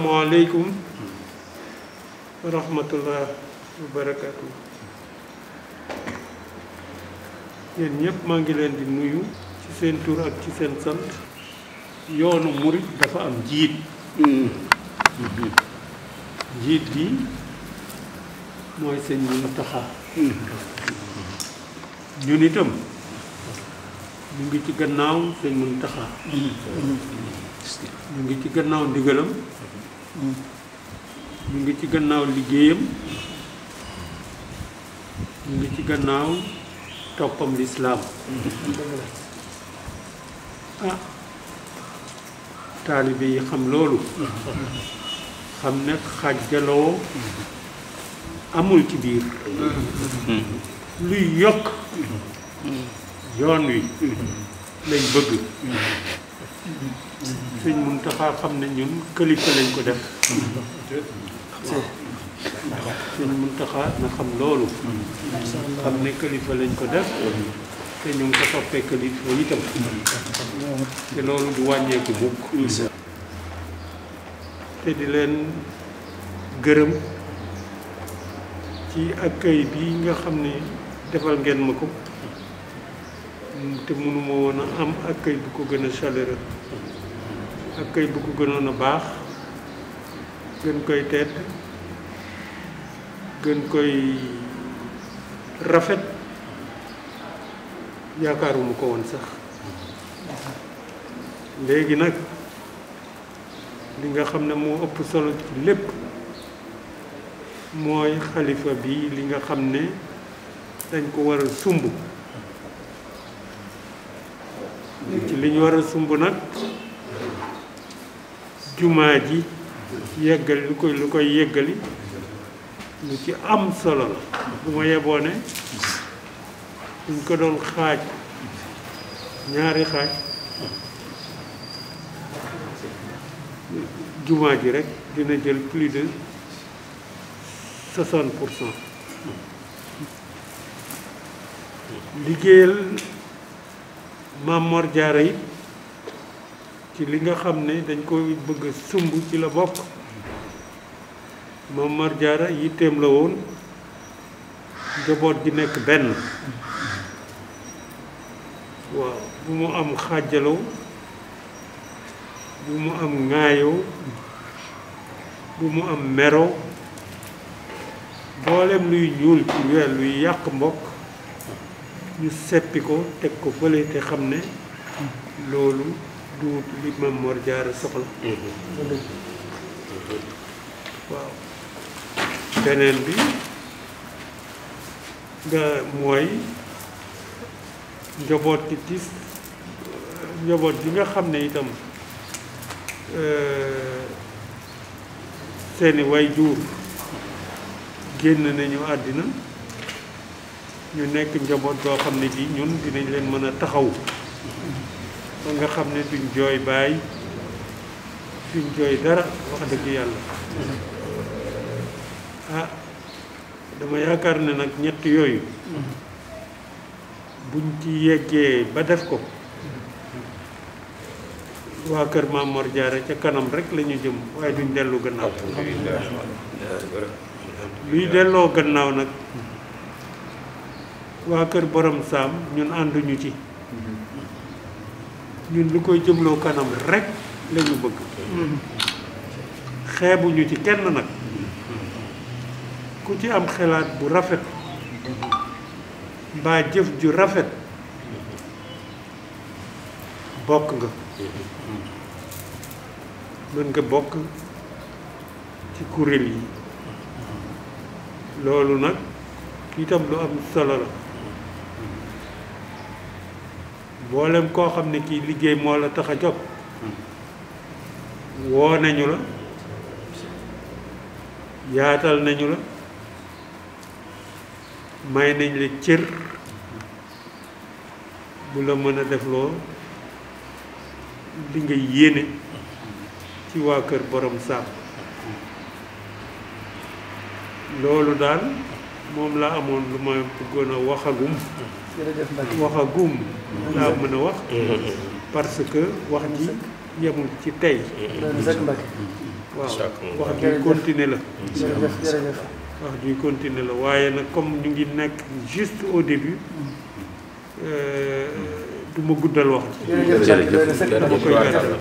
asalaamaaleykum wa rahmatullah wa barakaatu yéen ñëpp maa ngi leen di nuyu ci seen tur ak ci seen sant yoonu murit dafa am jiit njiit gi mooy sëñ Muntaxa ñun itam mu ngi ci gannaaw sëñ Muntaxa ñu ngi ci gannaaw ndigalam mu ngi ci gannaaw liggéeyam mu ngi ci gannaaw toppam lislaam ah taalibe yi xam loolu xam ne xàjjaloo amul ci biir luy yokk yoon wi lañ bëgg sëñ Mountakha xam ne ñun kilifa lañ ko def sëñ Mountakha na xam loolu xam ne kilifa lañ ko def te ñu ngi ko toppee kilifa itam te loolu du wàññeeku mukk te di leen gërëm ci accueil bi nga xam ne defal ngeen ma ko te mënuma woon a am accueil bu ko gën a chaleureux accueil bu ko gënoon a baax gën koy tedd gën koy rafet yaakaaruma ko woon sax léegi nag li nga xam ne moo ëpp solo ci lépp mooy xalifa bi li nga xam ne dañ ko war a sumb liñ war a sumb nag jumaa ji yeggali lu koy lu koy yeggali lu ci am solo la bu ma yeboo ko doon xaaj ñaari xaaj jumaa ji rek dina jël plus de soixante pour cent liggéeyal maam Mor Jaara ci li nga xam ne dañ ko bëgg sumb ci la bokk maam Mor Jaara yitteem la woon njaboot gi nekk benn waaw bu mu am xàjjalaw bu mu am ŋaayoo bu mu am meroo mboolem luy ñuul ci luy yàq mbokk ñu seppi ko teg ko fële te xam ne loolu duut li Mame Mor soxla waaw beneen bi nga mooy njaboot gi gis njaboot bi nga xam ne itam euh, seeni way juur génn nañu àddina ñu nekk njaboot goo xam ne gi ñun dinañ leen mën a taxaw ba nga xam ne duñ jooy baay duñ jooy dara wax dëgg yàlla ah dama yaakaar ne nag ñett yooyu buñ ci yeggee ba def ko waa kër Maam Mor Jaara ca kanam rek la jëm waaye duñ dellu gannaaw luy delloo gannaaw nag waa kër boroomu saam ñun ànduñu ci ñun lu koy jëmloo kanam rekk lañu ñu bëgg xeebuñu ci kenn nag ku ci am xalaat bu rafet mbaa jëf ju rafet bokk nga mën nga bokk ci kuril yi loolu nag itam lu am solo la boolem koo xam ne kii liggéey moo la tax a jóg woo nañu la yaatal nañu la may nañ la cër bu la mën a def loo li nga yéene ci waa kër borom sàmm loolu daal moom laa amoon lu ma bëggoon waxagum wax a guum laa mën a wax parce que wax ji yemul ci tey waaw wax ji continuer la wax ji continuer la waaye nag comme ñu ngi nekk juste au début euh, du ma guddal wax ji dama koy gàttal